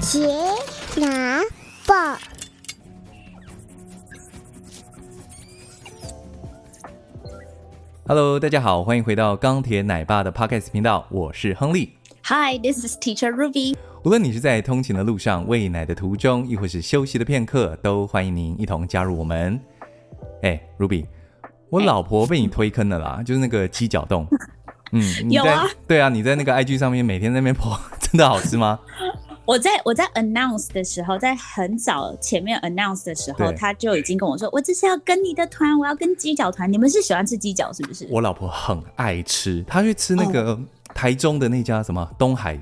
杰拿寶，Hello，大家好，歡迎回到鋼鐵奶爸的 Podcast 頻道，我是亨利。Hi，this is Teacher Ruby。無論你是在通勤的路上、餵奶的途中，亦或是休息的片刻，都歡迎您一同加入我們。哎，Ruby，我老婆被你推坑了啦，欸、就是那個雞腳凍。 嗯，你在，有啊，對啊，你在那個 IG 上面每天在那邊跑，真的好吃嗎？ 我在我在 announce 的時候，在很早前面 announce 的時候，他就已經跟我說：“我就是要跟你的團，我要跟雞腳團。你們是喜歡吃雞腳是不是？”我老婆很愛吃，她去吃那個台中的那家什麼、oh. 東海，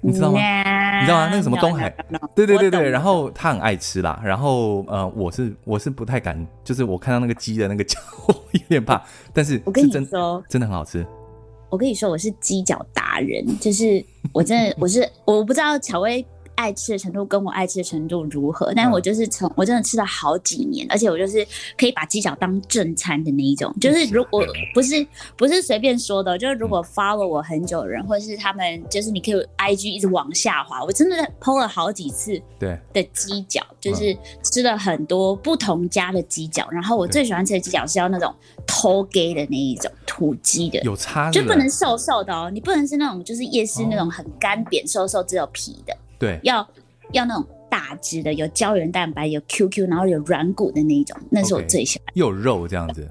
你知道嗎？Nah, 你知道嗎？那個什麼東海，no, no, no, no, 對，對對對對。No, no, no, 然後她很愛吃啦。然後呃，我是我是不太敢，就是我看到那個雞的那個腳，我 有點怕。但是，是我跟你說，真的很好吃。我跟你說，我是雞腳達人，就是我真的我是我不知道喬薇。愛吃的程度跟我愛吃的程度如何，但是我就是從我真的吃了好幾年，而且我就是可以把雞腳當正餐的那一種。就是如果不是，不是隨便說的，就是如果 follow 我很久的人，或者是他們，就是你可以 IG 一直往下滑，我真的 po 了好幾次對。的雞腳，就是吃了很多不同家的雞腳。然後我最喜歡吃的雞腳是要那種偷給的那一種土雞的，有差就不能瘦瘦的哦、喔，你不能是那種就是夜市那種很乾扁瘦瘦只有皮的。對，要要那種大隻的，有膠原蛋白，有 QQ，然後有軟骨的那一種，那是我最喜歡的。Okay, 有肉這樣子，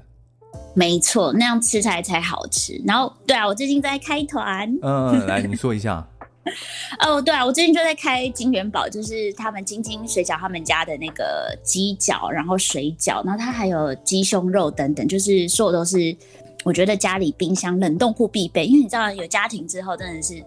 沒錯，那樣吃起來才好吃。然後，對啊，我最近在開團。嗯，來，你說一下。 哦，對啊，我最近就在開金元寶，就是他們晶晶水餃他們家的那個雞腳，然後水餃，然後它還有雞胸肉等等，就是所有都是我覺得家裡冰箱冷凍庫必備，因為你知道有家庭之後，真的是。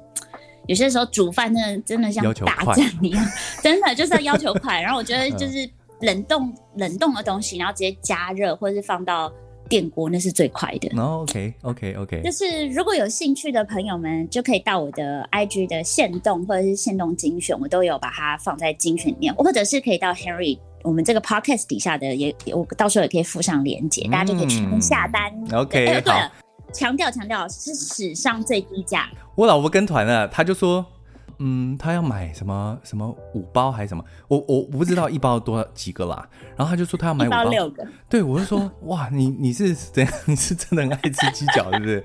有些時候煮飯真的，真的像打仗一樣， 真的就是要要求快。然後我覺得就是冷凍 冷凍的東西，然後直接加熱或者是放到電鍋，那是最快的。哦、OK OK OK，就是如果有興趣的朋友們，就可以到我的 IG 的限動或者是限動精選，我都有把它放在精選裡面，或者是可以到 Henry 我們這個 Podcast 底下的也，我到時候也可以附上鏈接、嗯，大家就可以去下單。OK 對、欸、好。強調強調是史上最低價。我老婆跟團了，她就說。嗯，他要買什麼什麼五包還是什麼？我我我不知道一包多少幾個啦。 然後他就說他要買五包。六個。對，我就說哇，你你是怎樣？你是真的很愛吃雞腳， 是不是？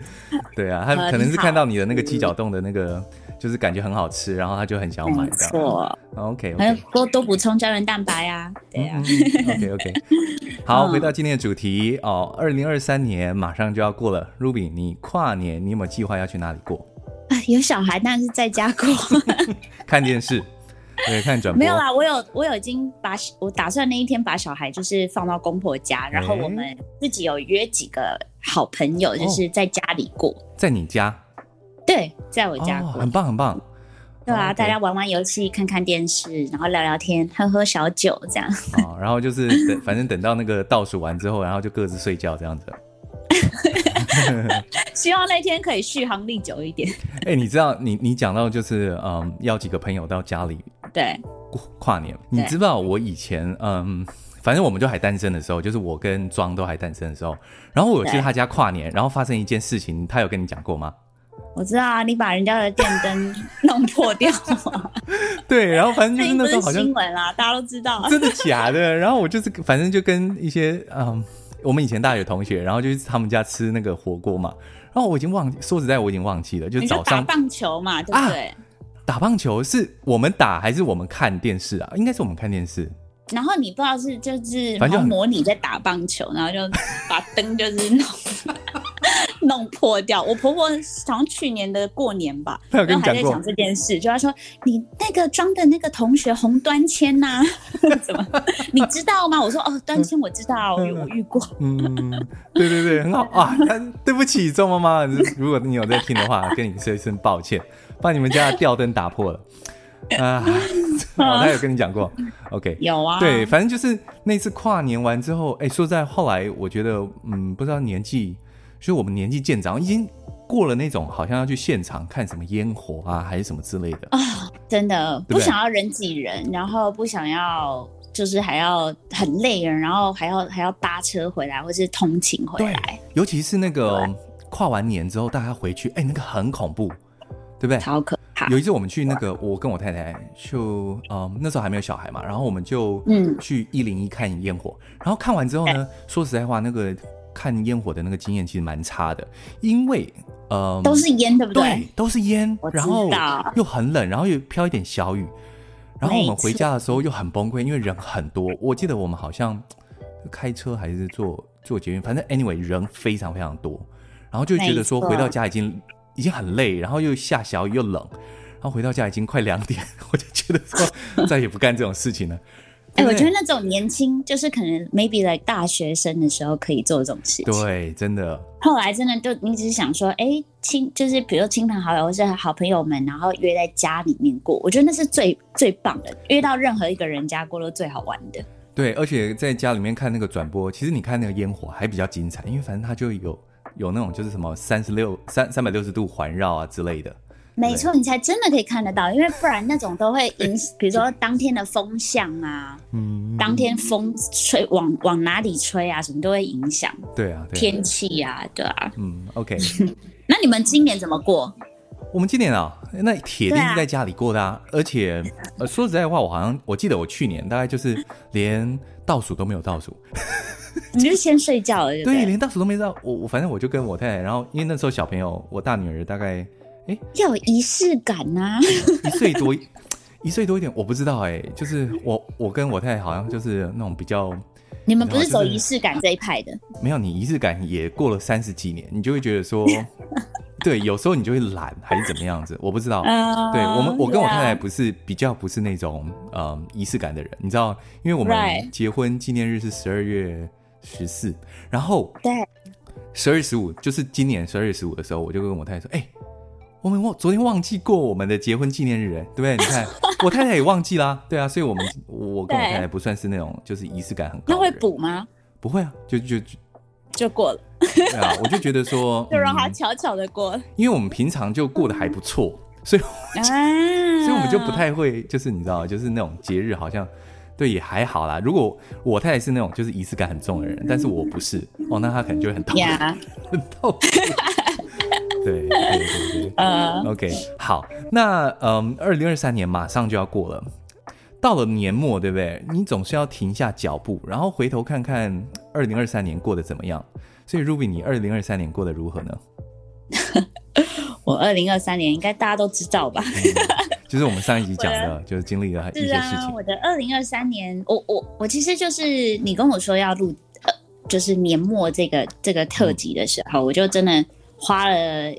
對啊，他可能是看到你的那個雞腳凍的那個，就是感覺很好吃，然後他就很想買這樣。沒錯。OK OK。還要多多補充膠原蛋白啊，對呀。OK OK。好，回到今天的主題哦，二零二三年馬上就要過了，Ruby，你跨年你有沒有計劃要去哪裡過？有小孩，但是在家過 ，看電視， 對，看轉播。沒有啦、啊，我有，我有已經把我打算那一天把小孩就是放到公婆家，欸、然後我們自己有約幾個好朋友，就是在家裡過。哦，在你家，對，在我家過，哦、很棒，很棒。對啊，哦 okay、大家玩玩遊戲，看看電視，然後聊聊天，喝喝小酒，這樣。哦，然後就是等，反正等到那個倒數完之後，然後就各自睡覺，這樣子。 希望那天可以續航力久一點。哎、欸，你知道，你你講到就是，嗯，邀幾個朋友到家裡對跨年。你知不知道我以前嗯，嗯，反正我們就還單身的時候，就是我跟莊都還單身的時候，然後我去他家跨年，然後發生一件事情，他有跟你講過嗎？我知道啊，你把人家的電燈弄破掉 對，然後反正就是那時候好像是新聞啊，大家都知道、啊，真的假的？然後我就是反正就跟一些嗯，我們以前大學同學，然後就去他們家吃那個火鍋嘛。哦，我已經忘記，說實在，我已經忘記了。就早上打棒球嘛，對不對？啊，打棒球是我們打還是我們看電視啊？應該是我們看電視。然後你不知道是就是反正然後模擬在打棒球，然後就把燈就是弄。 弄破掉，我婆婆想去年的過年吧，他有跟你講過然後還在講這件事，就她說你那個裝的那個同學紅端謙吶、啊，你知道嗎？我說哦，端謙我知道、嗯我，我遇過。嗯，對對對，很好啊。但對不起，周媽媽，如果你有在聽的話，跟你說一聲抱歉，把你們家的吊燈打破了啊。我、哦、有跟你講過、嗯、，OK，有啊。對，反正就是那次跨年完之後，哎、欸，說在後來，我覺得，嗯，不知道年紀。所以我們年紀漸長，已經過了那種好像要去現場看什麼煙火啊，還是什麼之類的啊，真的不想要人擠人對不對，然後不想要就是還要很累人，然後還要還要搭車回來，或是通勤回來。尤其是那個跨完年之後大家回去，哎、欸，那個很恐怖，對不對？超可怕。有一次我們去那個，我跟我太太就嗯、呃、那時候還沒有小孩嘛，然後我們就去101嗯去一零一看煙火，然後看完之後呢，欸、說實在話那個。看煙火的那個經驗其實蠻差的，因為呃都是煙，對不對？對，都是煙。我知道。然後又很冷，然後又飄一點小雨，然後我們回家的時候又很崩潰，因為人很多。我記得我們好像開車還是坐坐捷運，反正 anyway 人非常非常多。然後就覺得說回到家已經已經很累，然後又下小雨又冷，然後回到家已經快兩點，我就覺得說再也不幹這種事情了。 哎、欸，我覺得那種年輕，就是可能 maybe like 大學生的時候可以做這種事情。對，真的。後來真的就你只是想說，哎、欸，親，就是比如親朋好友或是好朋友們，然後約在家裡面過，我覺得那是最最棒的。約到任何一個人家過都最好玩的。對，而且在家裡面看那個轉播，其實你看那個煙火還比較精彩，因為反正它就有有那種就是什麼三十六、三、三百六十度環繞啊之類的。沒錯，你才真的可以看得到，因為不然那種都會影，比如說當天的風向啊，嗯，當天風吹往往哪裡吹啊，什麼都會影響，啊。對啊，天氣呀，啊，對啊。嗯，OK。 那你們今年怎麼過？我們今年啊，喔，那鐵定是在家裡過的啊，啊而且，呃、說實在話，我好像我記得我去年大概就是連倒數都沒有倒數， 你就是先睡覺了，對，了對？連倒數都沒倒，我我反正我就跟我太太，然後因為那時候小朋友，我大女兒大概。哎、欸，要有儀式感吶、啊 嗯！一歲多，一歲多一點，我不知道哎、欸。就是我，我跟我太太好像就是那種比較……你們不是走儀式感這一派的？就是、沒有，你儀式感也過了三十幾年，你就會覺得說， 對，有時候你就會懶還是怎麼樣子，我不知道。Oh, 對，我們我跟我太太不是、yeah. 比較不是那種嗯、儀式感的人，你知道？因為我們結婚紀念日是十二月十四，然後對，十二月十五就是今年十二月十五的時候，我就跟我太太說，哎、欸。我們忘昨天忘記過我們的結婚紀念日，哎，對不對？你看，我太太也忘記啦。 對啊，所以，我們我跟我太太不算是那種就是儀式感很高的人。那會補嗎？不會啊，就就就，就過了。 對啊，我就覺得說，嗯、就讓她悄悄的過，因為我們平常就過得還不錯、嗯，所以、啊、所以我們就不太會，就是你知道，就是那種節日好像對也還好啦。如果我太太是那種就是儀式感很重的人，嗯、但是我不是哦，那她可能就會很痛、嗯、很痛 對對對，對、 嗯、OK，好，那嗯，二零二三年馬上就要過了，到了年末，對不對？你總是要停下腳步，然後回頭看看二零二三年過得怎麼樣。所以，Ruby，你二零二三年過得如何呢？ 我二零二三年應該大家都知道吧、 嗯？就是我們上一集講的、的，就是經歷了一些事情。啊、我的二零二三年，我我我其實就是你跟我說要錄呃，就是年末這個這個特輯的時候，我就真的。花了，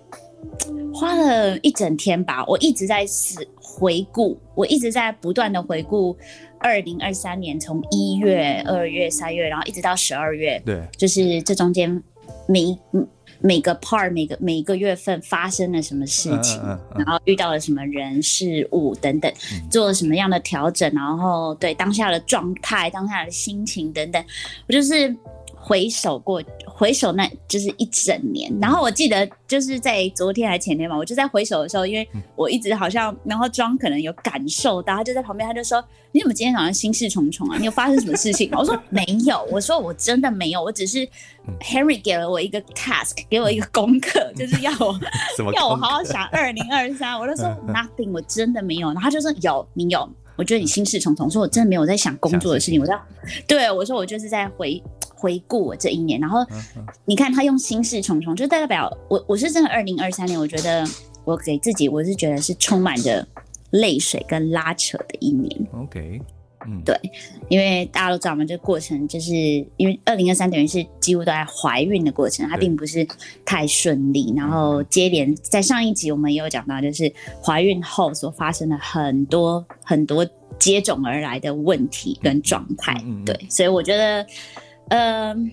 花了一整天吧。我一直在是回顧，我一直在不斷的回顧，二零二三年從一月、二月、三月，然後一直到十二月，對，就是這中間每一每個 part、每個每個月份發生了什麼事情，uh, uh, uh, uh. 然後遇到了什麼人事物等等，做了什麼樣的調整，然後對當下的狀態、當下的心情等等，我就是。回首過，回首那就是一整年。然後我記得就是在昨天還是前天嘛，我就在回首的時候，因為我一直好像，然後妝可能有感受到，他就在旁邊，他就說：“你怎麼今天早上心事重重啊？你有發生什麼事情？” 我說：“沒有。”我說：“我真的沒有。我只是 Henry 給了我一個 task，給我一個功課，就是要我，要我好好想二零二三。”我就說：“Nothing，我真的沒有。”然後他就說：“有，你有。”我覺得你心事重重，所以我真的沒有在想工作的事情，我要對我說，我就是在回回顧我這一年，然後你看他用心事重重，就代表我我是，真的二零二三年，我覺得我給自己我是覺得是充滿着淚水跟拉扯的一年。OK。嗯，對，因為大家都知道嘛，這個過程就是因為二零二三等於是幾乎都在懷孕的過程，它並不是太順利，然後接連在上一集我們也有講到，就是懷孕後所發生的很多很多接踵而來的問題跟狀態，嗯。對，所以我覺得，嗯，嗯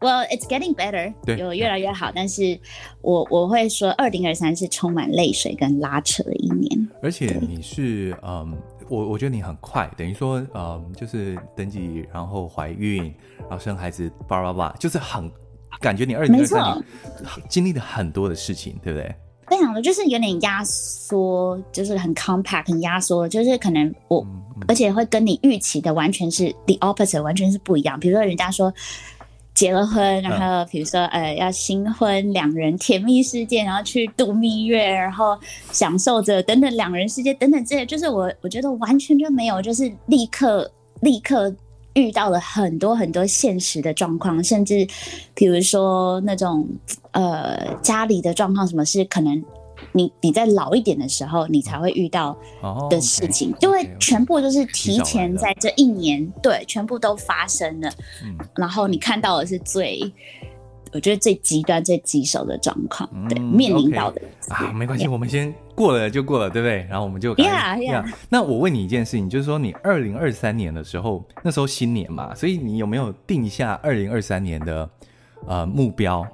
，Well it's getting better，對，有越來越好，okay. 但是我我會說，二零二三是充滿淚水跟拉扯的一年。而且你是嗯。我我覺得你很快，等於說，呃，就是登記，然後懷孕，然後生孩子，叭叭叭，就是很感覺你二零二三年經歷了很多的事情，對不對？非常的，就是有點壓縮，就是很 compact，很壓縮，就是可能我、嗯嗯、而且會跟你預期的完全是 the opposite，完全是不一樣。比如說，人家說。結了婚，然後比如說呃，要新婚兩人甜蜜世界，然後去度蜜月，然後享受着等等兩人世界等等這些，就是我我覺得完全就沒有，就是立刻立刻遇到了很多很多現實的狀況，甚至比如說那種呃家裡的狀況，什麼事可能。你你在老一點的時候，你才會遇到的事情，就、oh, 會、okay, okay, okay, okay. 全部都是提前在這一年，對，全部都發生了、嗯。然後你看到的是最，嗯、我覺得最極端、最棘手的狀況、嗯，對，面臨到的 okay, 啊，沒關係，yeah. 我們先過了就過了，對不對？然後我們就，呀呀。那我問你一件事情，就是說你二零二三年的時候，那時候新年嘛，所以你有沒有定一下二零二三年的呃目標？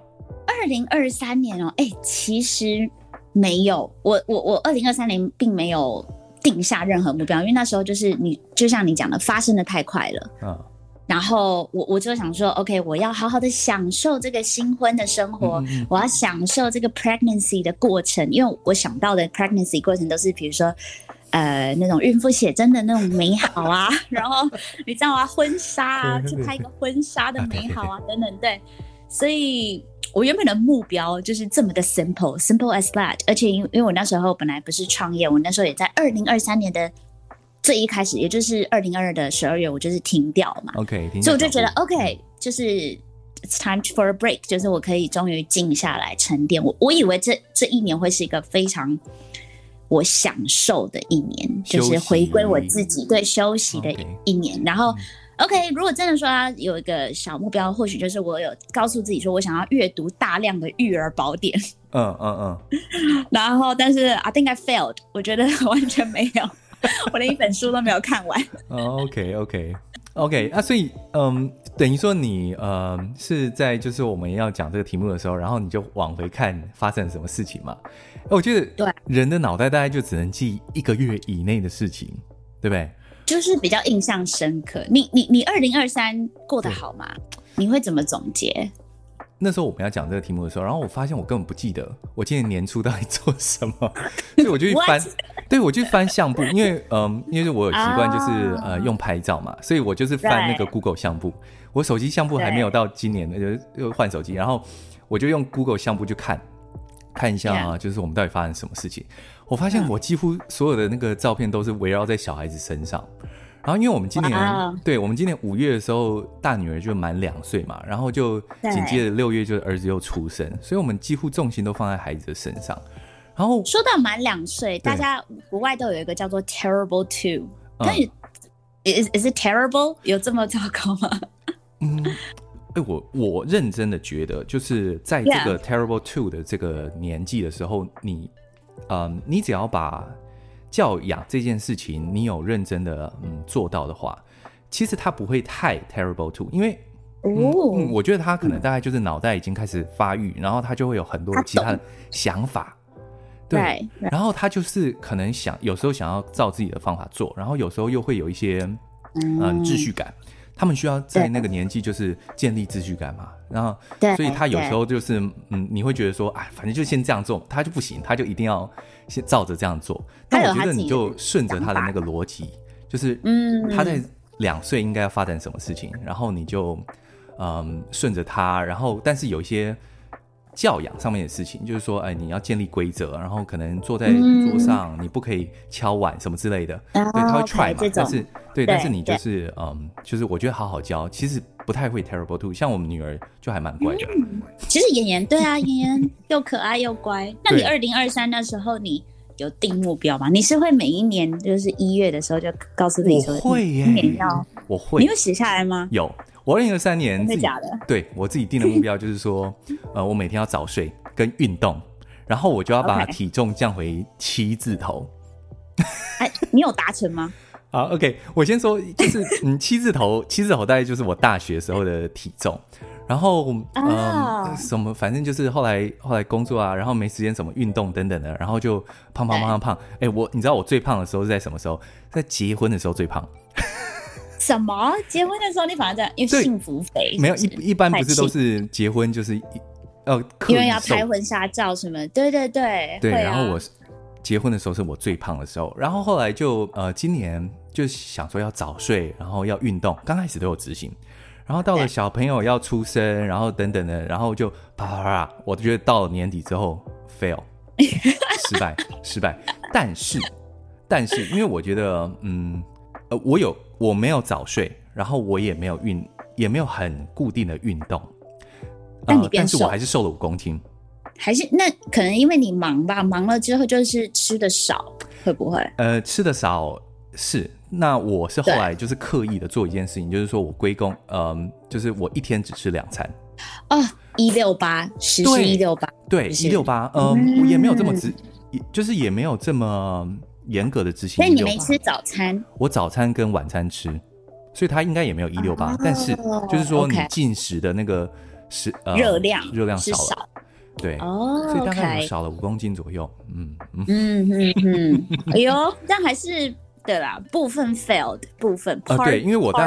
二零二三年哦、喔，哎、欸，其實。沒有，我我我二零二三年並沒有定下任何目標，因為那時候就是你就像你講的，發生得太快了。啊、然後我我就想說，OK，我要好好的享受這個新婚的生活、嗯，我要享受這個 pregnancy 的過程，因為我想到的 pregnancy 過程都是比如說，呃，那種孕婦寫真的那種美好啊， 然後你知道啊，婚紗啊，去 拍一個婚紗的美好啊，等等，對。所以。我原本的目標就是這麼的 simple，simple simple as that。而且，因因為我那時候本來不是創業，我那時候也在二零二三年的最一開始，也就是二零二二的十二月，我就是停掉嘛。OK，所以我就覺得 OK，就是 it's time for a break，就是我可以終於靜下來沉澱。我我以為這這一年會是一個非常我享受的一年，就是回歸我自己對休息的一年，okay、然後。嗯 OK，如果真的說他、啊、有一個小目標，或許就是我有告訴自己說我想要閱讀大量的育兒寶典。嗯嗯嗯。然後，但是 I think I failed，我覺得完全沒有， 我連一本書都沒有看完。Uh, OK OK OK 那、啊、所以嗯，等於說你嗯是在就是我們要講這個題目的時候，然後你就往回看發生了什麼事情嘛？我覺得對，人的腦袋大概就只能記一個月以內的事情，對不對？就是比較印象深刻。你、你、你，二零二三過得好嗎？你會怎麼總結？那時候我們要講這個題目的時候，然後我發現我根本不記得我今年年初到底做什麼，所以我就去翻， 對，我就翻相簿，因為嗯、呃，因為我有習慣就是、oh, 呃用拍照嘛，所以我就是翻那個 Google 相簿。我手機相簿還沒有到今年就換手機，然後我就用 Google 相簿去看，看一下啊，yeah. 就是我們到底發生什麼事情。我發現我幾乎所有的那個照片都是圍繞在小孩子身上，然後因為我們今年、wow. 對，我們今年五月的時候，大女兒就滿兩歲嘛，然後就緊接着六月就是兒子又出生，所以我們幾乎重心都放在孩子的身上。然後說到滿兩歲，大家國外都有一個叫做 “terrible two”，、嗯、但 is is it terrible？有這麼糟糕嗎？嗯，哎，我我認真的覺得，就是在這個 “terrible two” 的這個年紀的時候，yeah. 你。嗯，你只要把教養這件事情，你有認真的嗯做到的話，其實他不會太 terrible two，因為、哦、嗯，我覺得他可能大概就是腦袋已經開始發育，然後他就會有很多其他的想法，他懂，對，然後他就是可能想有時候想要照自己的方法做，然後有時候又會有一些嗯秩序感。他們需要在那個年紀就是建立秩序感嘛，然後，所以他有時候就是，嗯，你會覺得說，哎，反正就先這樣做，他就不行，他就一定要先照着這樣做。但我覺得你就順着他的那個邏輯，就是，嗯，他在兩歲應該要發展什麼事情，然後你就，嗯，順着他，然後，但是有一些。教養上面的事情，就是說，哎，你要建立規則，然後可能坐在桌上、嗯，你不可以敲碗什麼之類的。嗯、對，他會踹嘛 okay？但是對，對，但是你就是，嗯，就是我覺得好好教，其實不太會 terrible two。像我們女兒就還蠻乖的、嗯。其實妍妍，對啊，妍妍又可愛又乖。 那你二零二三那時候，你有定目標嗎？你是會每一年就是一月的時候就告訴自己說，我會，每年要，我會，你有寫下來嗎？有。我二零二三年，自己真的假的？對，我自己定的目標就是說， 呃，我每天要早睡跟運動，然後我就要把體重降回七字頭。哎、okay. 欸，你有達成嗎？啊，OK，我先說，就是嗯，七字頭， 七字頭大概就是我大學時候的體重，然後嗯、呃 oh. 什麼，反正就是後來後來工作啊，然後沒時間怎麼運動等等的，然後就胖胖胖胖胖。哎、欸欸，我你知道我最胖的時候是在什麼時候？在結婚的時候最胖。什麼？結婚的時候你反而在，因為幸福肥，就是？沒有，一一般不是都是結婚就是呃，因為要拍婚紗照什麼？對對對對、啊。然後我結婚的時候是我最胖的時候，然後後來就呃，今年就想說要早睡，然後要運動，剛開始都有執行，然後到了小朋友要出生，然後等等的，然後就啪啪啪，我就覺得到了年底之後 fail 失敗失敗。但是 但是因為我覺得嗯呃我有。我沒有早睡，然後我也沒有運，也沒有很固定的運動，但，你變瘦、呃、但是我還是瘦了五公斤，還是那可能因為你忙吧，忙了之後就是吃的少，會不會？呃，吃的少是，那我是後來就是刻意的做一件事情，就是說我歸功，嗯、呃，就是我一天只吃兩餐，哦，一六八，是一六八，對，一六八，嗯，我也沒有這麼直，就是也沒有這麼。嚴格的執行，所以你沒吃早餐。我早餐跟晚餐吃，所以他應該也沒有一六八，但是就是說你進食的那個是，okay. 嗯，熱量熱量少了，是少的，對，oh, okay. 所以大概有少了五公斤左右。嗯嗯嗯嗯，嗯嗯 哎呦，但還是對啦，部分 failed，部分 part, 呃對，因為我到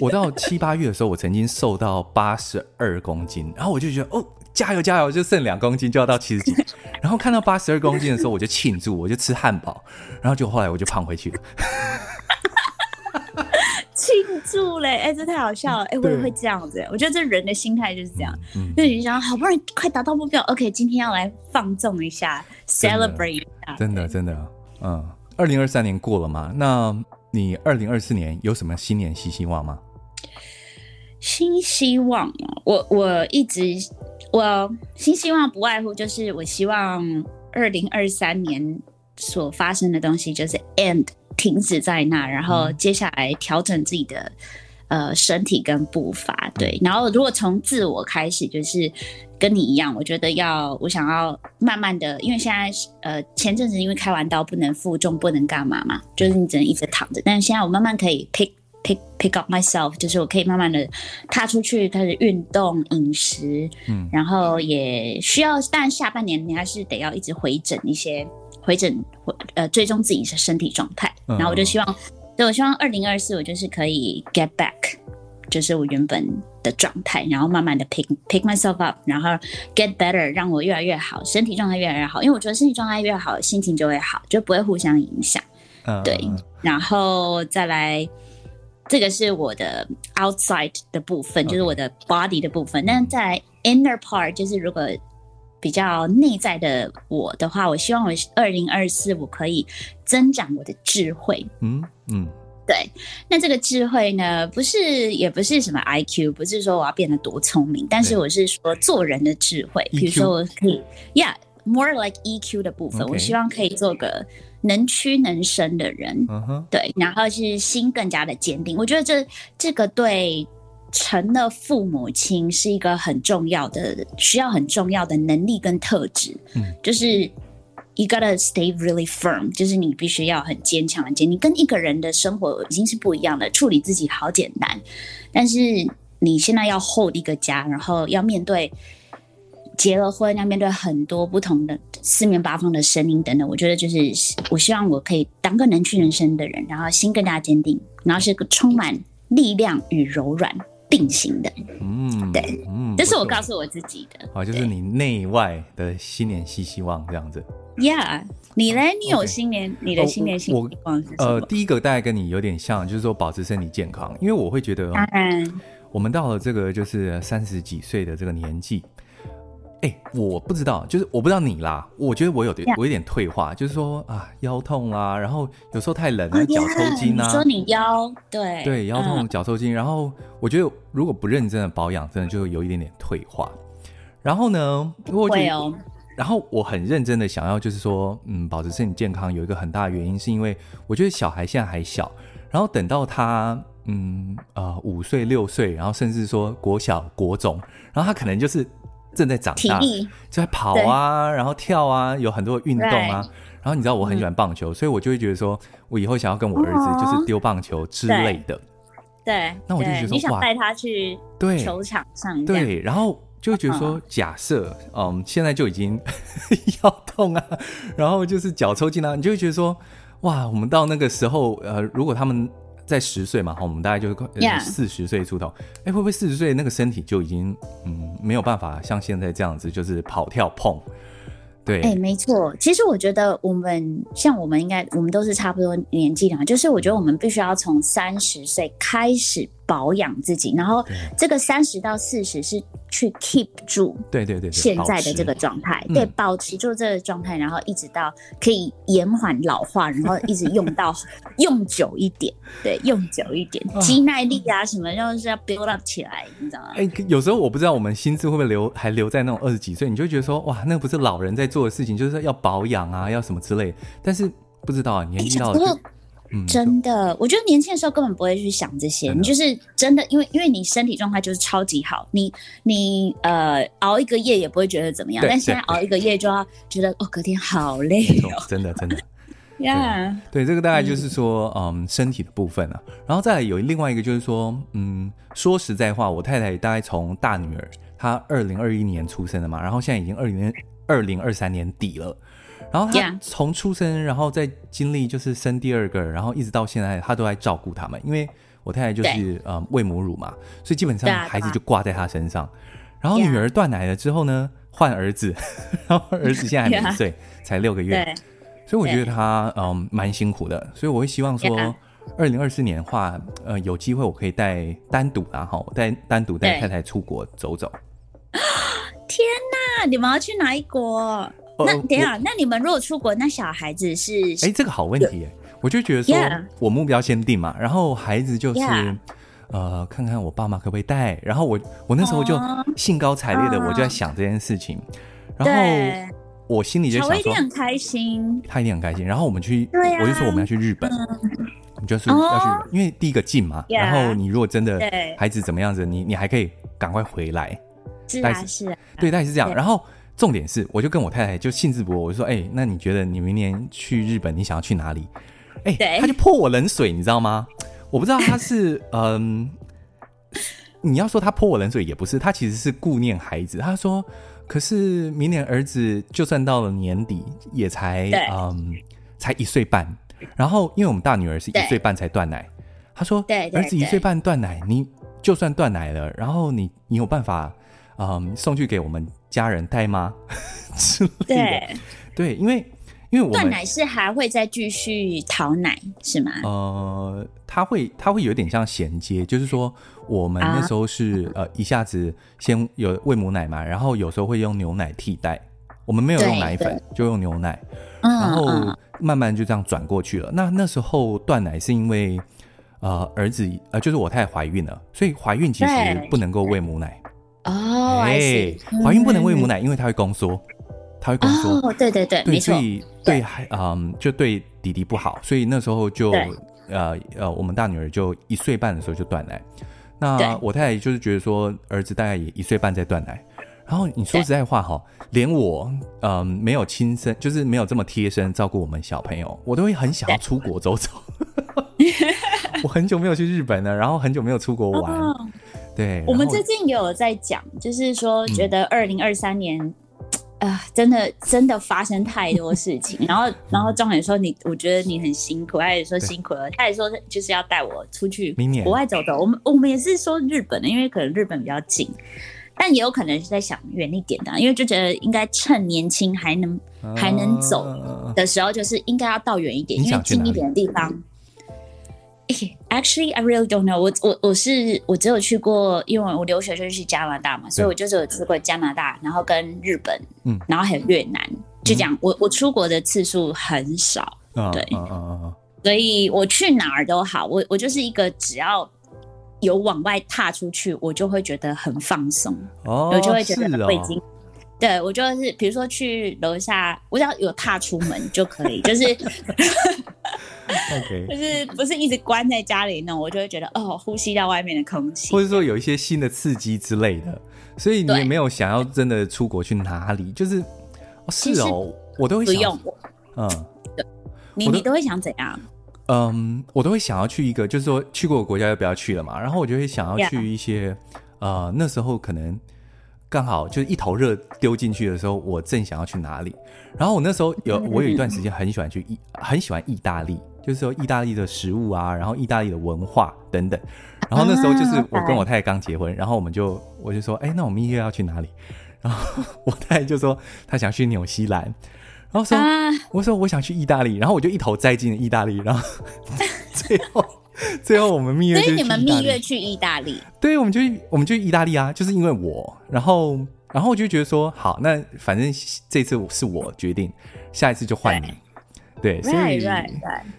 我到七八月的時候，我曾經瘦到八十二公斤， 然後我就覺得哦。加油加油！就剩兩公斤，就要到七十幾。 然後看到八十二公斤的時候，我就慶祝， 我就吃漢堡。然後就後來我就胖回去了。慶 祝嘞！哎、欸，這太好笑了！哎、欸，我也會這樣子。我覺得這人的心態就是這樣。嗯，嗯所以就你想，好不容易快達到目標，OK，今天要來放縱一下，celebrate 真、啊。真的真的，嗯。二零二三年過了嘛？那你二零二四年有什麼新年新希望嗎？新希望，我我一直。我、well, 新希望不外乎就是我希望二零二三年所發生的東西就是 end，停止在那，嗯、然後接下來調整自己的呃身體跟步伐，對，然後如果從自我開始，就是跟你一樣，我覺得要我想要慢慢的，因為現在呃前陣子因為開完刀不能負重不能幹嘛嘛，就是你只能一直躺着，但現在我慢慢可以 pick。Pick up myself，就是我可以慢慢的踏出去，開始運動、飲食，嗯，然後也需要。但下半年你還是得要一直回診一些，回診回呃，追蹤自己的身體狀態。嗯，然後我就希望，對，我希望2024我就是可以 get back，就是我原本的狀態，然後慢慢的 pick pick myself up，然後 get better，讓我越來越好，身體狀態越來越好。因為我覺得身體狀態越好，心情就會好，就不會互相影響。嗯，對，然後再來。這個是我的 outside 的部分，okay. 就是我的 body 的部分。那、嗯、在 inner part，就是如果比較內在的我的話，我希望我二零二四我可以增長我的智慧。嗯嗯，對。那這個智慧呢，不是也不是什麼 IQ，不是說我要變得多聰明，但是我是說做人的智慧。比如說我，我可以呀。More like EQ 的部分，okay. 我希望可以做個能屈能伸的人，uh -huh. 對，然後是心更加的堅定。我覺得這這個對成了父母親是一個很重要的，需要很重要的能力跟特質。嗯，就是 you gotta stay really firm，就是你必須要很堅強的堅定。你跟一個人的生活已經是不一樣的，處理自己好簡單，但是你現在要 hold 一個家，然後要面對。結了婚，要面對很多不同的四面八方的聲音等等。我覺得就是，我希望我可以當個能屈能伸的人，然後心更加堅定，然後是個充滿力量與柔軟並行的。嗯，對，嗯，這是我告訴我自己的。好、啊，就是你內外的新年新希望這樣子。Yeah，你呢？你有新年、okay. 你的新年新希望、哦、呃，第一個大概跟你有點像，就是說保持身體健康，因為我會覺得，當然，我們到了這個就是三十幾歲的這個年紀。哎、欸，我不知道，就是我不知道你啦。我覺得我有點，我有點退化，yeah. 就是說啊，腰痛啊，然後有時候太冷了、啊，腳、oh yeah, 抽筋啊。你說你腰，對對，腰痛、腳、嗯、抽筋。然後我覺得如果不認真的保養，真的就有一點點退化。然後呢，我會哦。然後我很認真的想要，就是說，嗯，保持身體健康有一個很大的原因，是因為我覺得小孩現在還小，然後等到他，嗯呃，五歲六歲，然後甚至說國小國中，然後他可能就是。正在長大，在跑啊，然後跳啊，有很多運動啊。然後你知道我很喜歡棒球、嗯，所以我就會覺得說，我以後想要跟我兒子就是丟棒球之類的。哦、對，對，那我就覺得你想帶他去對球場上對，然後就會覺得說，假設嗯現在就已經 腰痛啊，然後就是腳抽筋啊，你就會覺得說，哇，我們到那個時候呃，如果他們。在十歲嘛，哈，我們大概就是快四十歲出頭，哎、yeah. 欸，會不會四十歲那個身體就已經，嗯，沒有辦法像現在這樣子，就是跑跳碰，對，哎、欸，沒錯，其實我覺得我們像我們應該，我們都是差不多年紀的嘛，就是我覺得我們必須要從三十歲開始保養自己，然後這個三十到四十是去 keep 住，對對對，現在的這個狀態，對對對對、嗯，對，保持住這個狀態，然後一直到可以延緩老化， 然後一直用到用久一點，對，用久一點，肌耐力啊什麼就是要 build up 起來，你知道嗎？欸、有時候我不知道我們心智會不會留還留在那種二十幾歲，你就覺得說哇，那不是老人在做的事情，就是要保養啊，要什麼之類，但是不知道啊，你會遇到嗯、真的、嗯，我覺得年輕的時候根本不會去想這些，你就是真的，因為因為你身體狀態就是超級好，你你呃熬一個夜也不會覺得怎麼樣，但現在熬一個夜就要覺得哦、喔、隔天好累哦、喔，真的真的，呀、yeah，對，這個大概就是說嗯，嗯身體的部分啊，然後再來有另外一個就是說嗯說實在話，我太太大概從大女兒她二零二一年出生的嘛，然後現在已經二零二零二三年底了。然後他從出生，yeah. 然後再經歷就是生第二個，然後一直到現在，他都在照顧他們。因為我太太就是呃餵母乳嘛，所以基本上孩子就掛在他身上。啊、然後女兒斷奶了之後呢，換兒子，yeah. 然後兒子現在還沒歲，yeah. 才六個月。所以我覺得他嗯、呃、蠻辛苦的，所以我會希望說，二零二四年的話，呃有機會我可以帶單獨然後我帶單獨帶太太出國走走。天哪，你們要去哪一國？ 那等一下，那你們如果出國，那小孩子是？哎、欸，這個好問題耶，yeah. 我就覺得說，我目標先定嘛，然後孩子就是，yeah. 呃，看看我爸媽可不可以帶。然後我我那時候就興高采烈的，我就在想這件事情。Oh, uh, 然後我心裡就想說，他一定很開心，他一定很開心。然後我們去、啊，我就說我們要去日本，我、uh, 們就是要去，oh. 因為第一個近嘛。Yeah. 然後你如果真的孩子怎麼樣子，你你還可以趕快回來。是啊，是，啊是啊，對，大概是這樣。對然後。重點是，我就跟我太太就興致勃勃，我就說：“哎、欸，那你覺得你明年去日本，你想要去哪裡？”哎、欸，他就潑我冷水，你知道嗎？我不知道他是 嗯，你要說他潑我冷水也不是，他其實是顧念孩子。他說：“可是明年兒子就算到了年底也才嗯才一歲半，然後因為我們大女兒是一歲半才斷奶。對”他說對對對：“兒子一歲半斷奶，你就算斷奶了，然後你你有辦法嗯送去給我們。”家人帶嗎？ 對 對，因為因為我斷奶是還會再繼續討奶是嗎？呃，他會他會有點像銜接，就是說我們那時候是、啊、呃一下子先有餵母奶嘛，然後有時候會用牛奶替代，我們沒有用奶粉，就用牛奶、嗯，然後慢慢就這樣轉過去了。那、嗯、那時候斷奶是因為呃兒子呃就是我太太懷孕了，所以懷孕其實不能夠餵母奶。哦，哎、欸，懷孕、嗯、不能餵母奶，因為她會宮縮，她會宮縮。哦，對對對，對沒錯。所以對孩，嗯，就對弟弟不好。所以那時候就，呃呃，我們大女兒就一歲半的時候就斷奶。那我太太就是覺得說，兒子大概也一歲半再斷奶。然後你說實在話哈，連我，嗯，沒有親身，就是沒有這麼貼身照顧我們小朋友，我都會很想要出國走走。 我很久沒有去日本了，然後很久沒有出國玩。哦對，我們最近也有在講，就是說覺得二零二三年、嗯呃，真的真的發生太多事情。 然後，然後重點說你，我覺得你很辛苦，他也說辛苦了，他也說就是要帶我出去國外走走。我們我們也是說日本的，因為可能日本比較近，但也有可能是在想遠一點的、啊，因為就覺得應該趁年輕還能、哦、還能走的時候，就是應該要到遠一點，因為近一點的地方。嗯 Actually, I really don't know. 我我我是我只有去過，因為我留學就是去加拿大嘛，所以我就是有去過加拿大，然後跟日本，嗯，然後還有越南，就這樣、嗯、我我出國的次數很少，對、啊啊啊啊，所以我去哪兒都好。我我就是一個只要有往外踏出去，我就會覺得很放鬆、哦，我就會覺得北京。對我就是，比如說去樓下，我只要有踏出門就可以， 就是， Okay. 就是不是一直關在家裡那種，我就會覺得哦，呼吸到外面的空氣，或者說有一些新的刺激之類的。所以你也沒有想要真的出國去哪裡？就是哦是哦，我都會想，不用嗯，對，你都你都會想怎樣？嗯，我都會想要去一個，就是說去過國家就不要去了嘛。然後我就會想要去一些，yeah. 呃，那時候可能。剛好就是一頭熱丟進去的時候，我正想要去哪裡。然後我那時候有我有一段時間很喜歡去意，很喜歡意大利，就是說意大利的食物啊，然後意大利的文化等等。然後那時候就是我跟我太太剛結婚，然後我們就我就說，哎、欸，那我們一月要去哪裡？然後我太太就說她想去紐西蘭，然後說我說我想去意大利，然後我就一頭栽進了意大利，然後最後。最後我們蜜月，所以你們蜜月去意大利？對，我們就去，我們就意大利啊，就是因為我，然後，然後我就覺得說，好，那反正這次是我決定，下一次就換你，對，所以，對，對，對，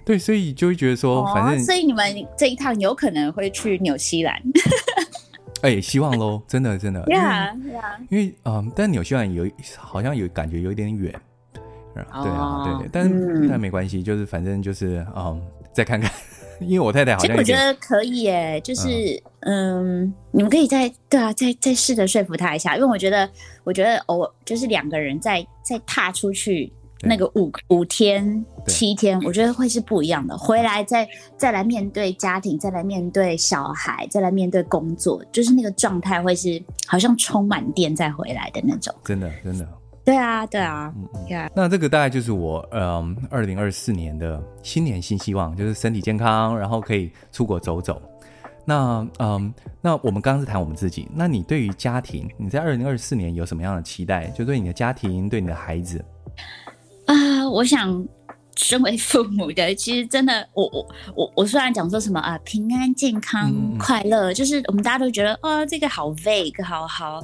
對，所以就會覺得說，oh, 反正，所以你們這一趟有可能會去紐西蘭？哎、 欸，希望嘍，真的，真的， 因為，yeah, yeah. 因為，嗯，但紐西蘭有好像有感覺有點遠，對啊，oh. 對，但、嗯、但沒關係，就是反正就是嗯，再看看。因為我太太好像，其實我覺得可以誒、欸，就是嗯，嗯，你們可以再，對啊，再再試着說服她一下，因為我覺得，我覺得我就是兩個人再再踏出去那個五五天七天，我覺得會是不一樣的。回來再再來面對家庭，再來面對小孩，再來面對工作，就是那個狀態會是好像充滿電再回來的那種。真的，真的。對啊，對啊，對啊、嗯，那這個大概就是我，嗯，二零二四年的新年新希望，就是身體健康，然後可以出國走走。那，嗯、um，那我們剛剛是談我們自己，那你對於家庭，你在二零二四年有什麼樣的期待？就對你的家庭，對你的孩子？啊、呃，我想，身為父母的，其實真的，我我我我雖然講說什麼啊，平安、健康、嗯、快樂，就是我們大家都覺得，哦，這個好 vague，好好。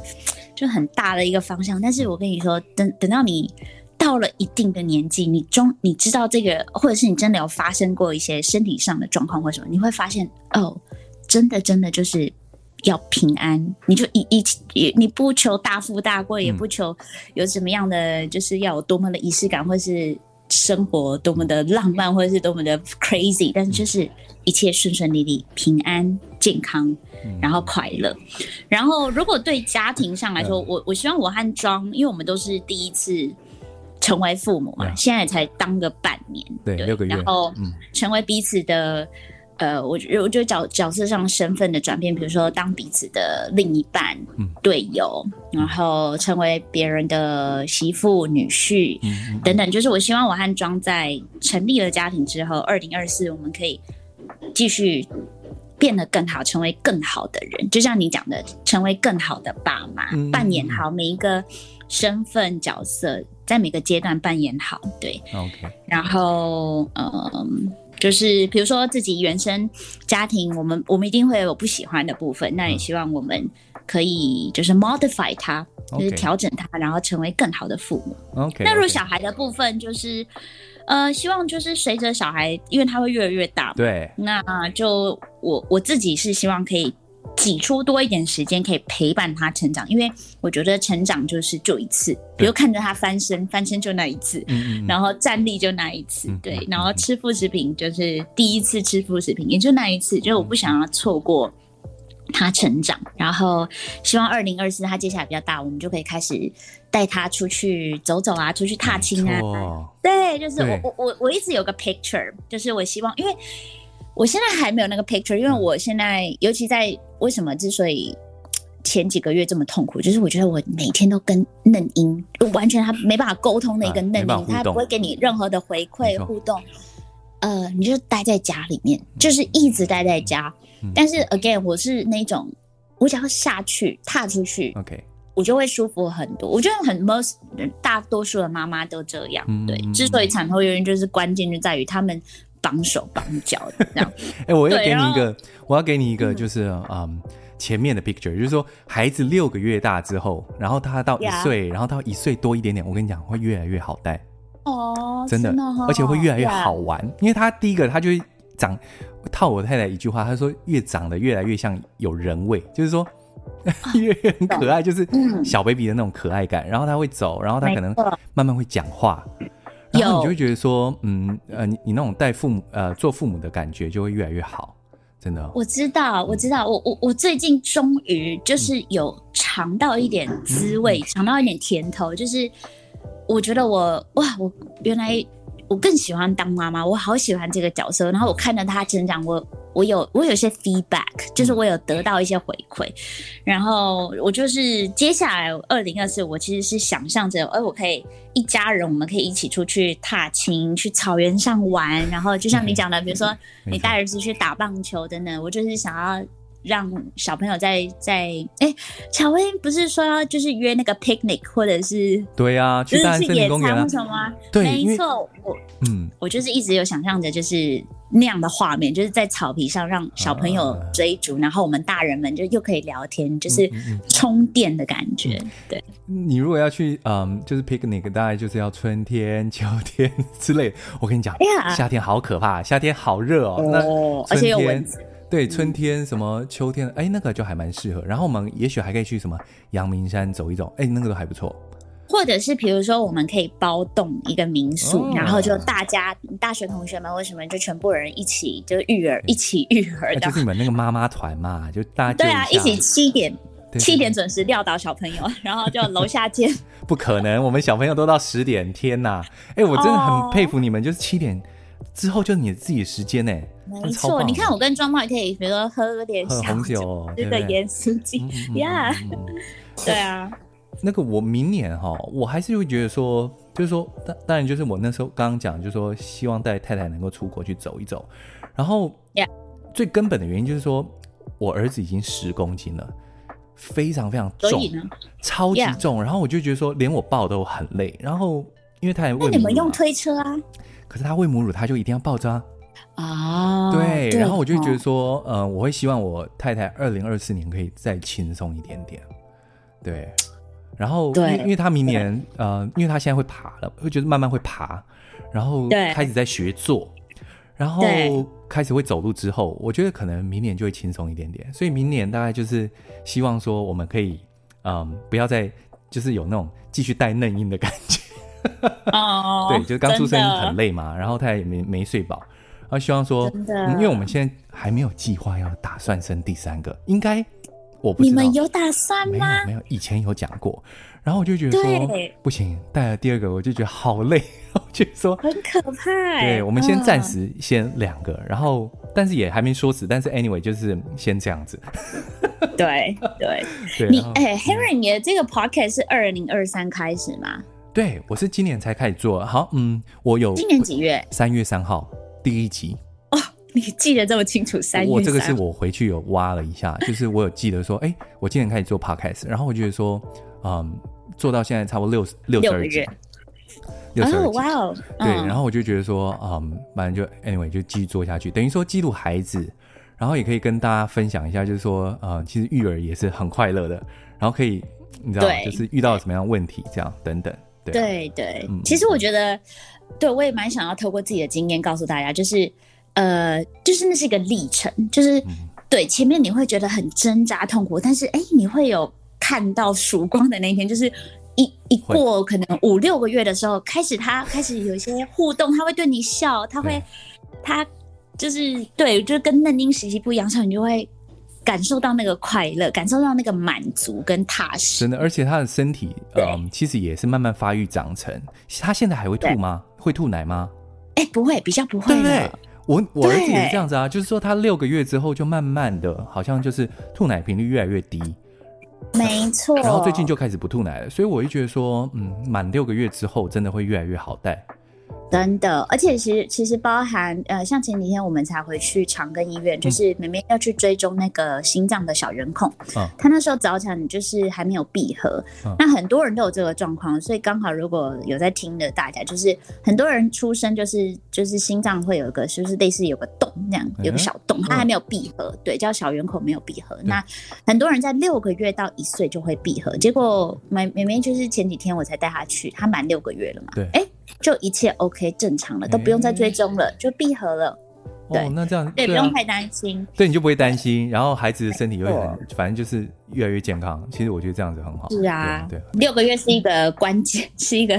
就很大的一個方向，但是我跟你說，等等到你到了一定的年紀，你中，你知道這個，或者是你真的有發生過一些身體上的狀況或什麼，你會發現，哦，真的真的就是要平安，你就一一起，你不求大富大貴，嗯，也不求有什麼樣的，就是要有多麼的儀式感，或是生活多麼的浪漫，或者是多麼的 crazy，但是就是一切順順利利，平安，健康，然後快樂、嗯，然後如果對家庭上來說，嗯、我我希望我和莊，因為我們都是第一次成為父母嘛，嗯、現在才當個半年、嗯，對，六個月，然後成為彼此的，嗯、呃，我就我就角角色上身份的轉變，比如說當彼此的另一半隊友，嗯、然後成為別人的媳婦女婿、嗯嗯，等等，就是我希望我和莊在成立了家庭之後，二零二四我們可以繼續。變得更好，成為更好的人，就像你講的，成為更好的爸媽、嗯，扮演好每一個身份角色，在每個階段扮演好，對。OK。然後，嗯，就是比如說自己原生家庭，我們我們一定會有不喜歡的部分，嗯、那也希望我們可以就是 modify 它，okay. 就是調整它，然後成為更好的父母。OK, okay。那如果小孩的部分就是。呃，希望就是隨着小孩，因為他會越來越大，對，那就我我自己是希望可以擠出多一點時間，可以陪伴他成長，因為我覺得成長就是就一次，比如看着他翻身，翻身就那一次，然後站立就那一次，嗯嗯對，然後吃副食品就是第一次吃副食品，嗯嗯也就那一次，就是我不想要錯過。他成長，然後希望二零二四他接下來比較大，我們就可以開始帶他出去走走啊，出去踏青啊。對，就是我我我我一直有個 picture，就是我希望，因為我現在還沒有那個 picture，因為我現在尤其在為什麼之所以前幾個月這麼痛苦，就是我覺得我每天都跟嫩嬰，完全他沒辦法溝通的一個嫩嬰，啊，他不會給你任何的回饋互動，呃，你就待在家裡面，就是一直待在家。嗯嗯但是 again，我是那種我只要下去踏出去，OK，我就會舒服很多。我覺得很 most 大多數的媽媽都這樣、嗯，對。之所以產後原因就是關鍵就在於他們綁手綁腳這樣。哎、 欸，我要給你一個，我要給你一個，就是嗯前面的 picture，就是說孩子六個月大之後，然後他到一歲，yeah. 然後到一歲多一點點，我跟你講會越來越好帶哦、oh,，真的、哦，而且會越來越好玩，yeah. 因為他第一個他就會長。套我太太一句話，她說越長得越來越像有人味，就是說、啊、 越來越很可愛，就是小 baby 的那種可愛感、啊嗯。然後她會走，然後她可能慢慢會講話，然後你就會覺得說，嗯，呃，你你那種帶父母呃做父母的感覺就會越來越好，真的。我知道，我知道，嗯、我我我最近終於就是有嘗到一點滋味，嗯、嘗到一點甜頭，就是我覺得我哇，我原來。我更喜歡當媽媽，我好喜歡這個角色。然後我看着他成長，我我有我有些 feedback，就是我有得到一些回饋。然後我就是接下來二零二四，我其實是想象着，哎，我可以一家人，我們可以一起出去踏青，去草原上玩。然後就像你講的， 比如說你帶兒子去打棒球等等，我就是想要。讓小朋友在在哎，喬、欸、威不是說要就是約那個 picnic 或者是，是去、啊，對啊，就是去野餐或什麼？對，沒錯，我嗯，我就是一直有想象着就是那樣的畫面，就是在草皮上讓小朋友追逐、啊，然後我們大人們就又可以聊天，就是充電的感覺、嗯嗯嗯。對，你如果要去嗯，就是 picnic，大概就是要春天、秋天之類。我跟你講，yeah. 夏天好可怕，夏天好熱哦、oh。而且有蚊子。對，春天什麼秋天，哎、欸，那個就還蠻適合。然後我們也許還可以去什麼陽明山走一走，哎、欸，那個都還不錯。或者是比如說，我們可以包棟一個民宿、哦，然後就大家大學同學們為什麼就全部人一起就育兒，一起育兒、啊，就是你們那個媽媽團嘛，就大家對啊，一起七點對對對，七點準時撂倒小朋友，然後就樓下見。 不可能，我們小朋友都到十點，天哪！哎、欸，我真的很佩服你們，哦、就是七點之後就你自己時間哎。沒錯，你看我跟莊茂也可以，比如說喝點小酒喝紅酒、哦，這、就是、的鹽酥雞，Yeah，、嗯 嗯嗯、對啊。那個我明年哈、哦，我還是會覺得說，就是說，當當然就是我那時候剛剛講，就是說希望帶太太能夠出國去走一走。然後、yeah. 最根本的原因就是說，我兒子已經十公斤了，非常非常重，所以呢超級重。Yeah. 然後我就覺得說，連我抱都很累。然後因為太太，那你們用推車啊？可是他餵母乳，他就一定要抱着啊。啊、oh,，對，然後我就覺得說，哦、呃，我會希望我太太二零二四年可以再輕鬆一點點，對，然後因為他明年，呃，因為他現在會爬了，會覺得慢慢會爬，然後開始在學坐，然後開始會走路之後，我覺得可能明年就會輕鬆一點點，所以明年大概就是希望說我們可以，嗯、呃，不要再就是有那種繼續帶嫩嬰的感覺，哦、 oh,，對，就是剛出生很累嘛，然後他也沒沒睡飽。而、啊、希望說、嗯，因為我們現在還沒有計劃要打算生第三個，應該我不知道你們有打算嗎？沒有，沒有以前有講過。然後我就覺得說，不行，帶了第二個，我就覺得好累， 我覺得說很可怕、欸。對，我們先暫時先兩個、嗯，然後但是也還沒說死，但是 anyway 就是先這樣子。對 對對，對 對你哎，Henry，你的這個 podcast 是二零二三開始嗎？對，我是今年才開始做。好，嗯，我有今年幾月？三月三號。第一集哦，你記得這麼清楚？三月3，我這個是我回去有挖了一下，就是我有記得說，哎、 欸，我今年開始做 Podcast，然後我覺得說，嗯，做到現在差不多六十六個月，六十幾，哦幾，哇哦，對，然後我就覺得說，嗯，反正就 anyway 就繼續做下去，等於說記錄孩子，然後也可以跟大家分享一下，就是說，嗯，其實育兒也是很快樂的，然後可以，你知道，就是遇到什麼樣的問題這樣等等。對對、嗯，其實我覺得，對，我也蠻想要透過自己的經驗告訴大家，就是，呃，就是那是一個歷程，就是、嗯、對，前面你會覺得很掙扎痛苦，但是哎，你會有看到曙光的那一天，就是一一過可能五六個月的時候，開始他開始有一些互動， 他會對你笑，他會、嗯、他就是對，就是跟嫩丁時期不一樣，所以你就會。感受到那個快樂，感受到那個滿足跟踏實，真的。而且他的身體，嗯，其實也是慢慢發育長成。他現在還會吐嗎？會吐奶嗎？哎，不會，比較不會了。對不對？我我兒子也是這樣子啊，就是說他六個月之後就慢慢的好像就是吐奶頻率越來越低，沒錯。 然後最近就開始不吐奶了，所以我就覺得說，嗯，滿六個月之後真的會越來越好帶。真的，而且其實其實包含呃，像前幾天我們才回去長庚醫院、嗯，就是妹妹要去追蹤那個心臟的小圓孔、啊，她那時候早產，就是還沒有閉合、啊。那很多人都有這個狀況，所以剛好如果有在聽的大家，就是很多人出生就是就是心臟會有一個就是類似有個洞那樣有個小洞、嗯，她還沒有閉合，對，叫小圓孔沒有閉合。那很多人在六個月到一歲就會閉合，結果妹妹就是前幾天我才帶她去，她滿六個月了嘛，對，欸就一切 OK 正常了，都不用再追蹤了，欸、就閉合了。哦、對、哦，那這樣對、啊、對，不用太擔心。對，你就不會擔心，然後孩子的身體又會很，反正就是越來越健康。其實我覺得這樣子很好。是啊對，對，六個月是一個關鍵， 是一個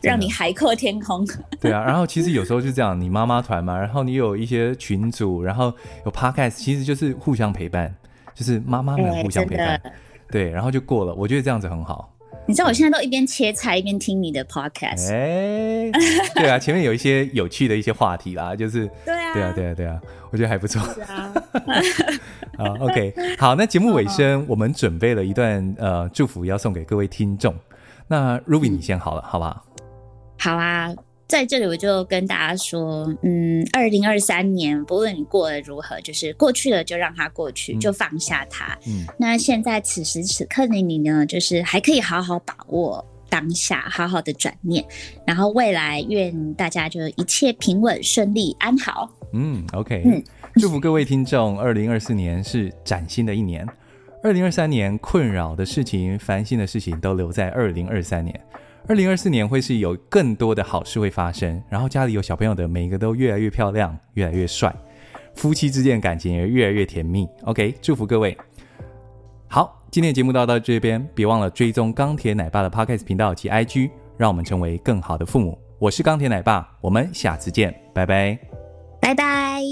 讓你海闊天空。 對啊，然後其實有時候就這樣，你媽媽團嘛，然後你有一些群組，然後有 podcast， 其實就是互相陪伴，就是媽媽們互相陪伴、欸。對，然後就過了，我覺得這樣子很好。你知道，我現在都一邊切菜一邊聽你的 podcast，哎、嗯欸，對啊，前面有一些有趣的一些話題啦， 就是，對啊，對啊，對啊，對啊，我覺得還不錯啊。 對啊 好，OK，好，那節目尾聲、哦，我們準備了一段呃祝福要送給各位聽眾，那 Ruby 你先好了，嗯、好吧？好啊。在這裡，我就跟大家說，嗯，二零二三年，不論你過得如何，就是過去了就讓它過去，就放下它。嗯，嗯那現在此時此刻的你呢，就是還可以好好把握當下，好好的轉念，然後未來願大家就一切平穩順利，安好。嗯，OK，嗯祝福各位聽眾，二零二四年是嶄新的一年，二零二三年困擾的事情、煩心的事情都留在二零二三年。二零二四年會是有更多的好事會發生，然後家裡有小朋友的每一個都越來越漂亮，越來越帥，夫妻之間感情也越來越甜蜜。OK，祝福各位。好，今天的節目就到到這邊，別忘了追蹤鋼鐵奶爸的 Podcast 頻道及 IG，讓我們成為更好的父母。我是鋼鐵奶爸，我們下次見，拜拜，拜拜。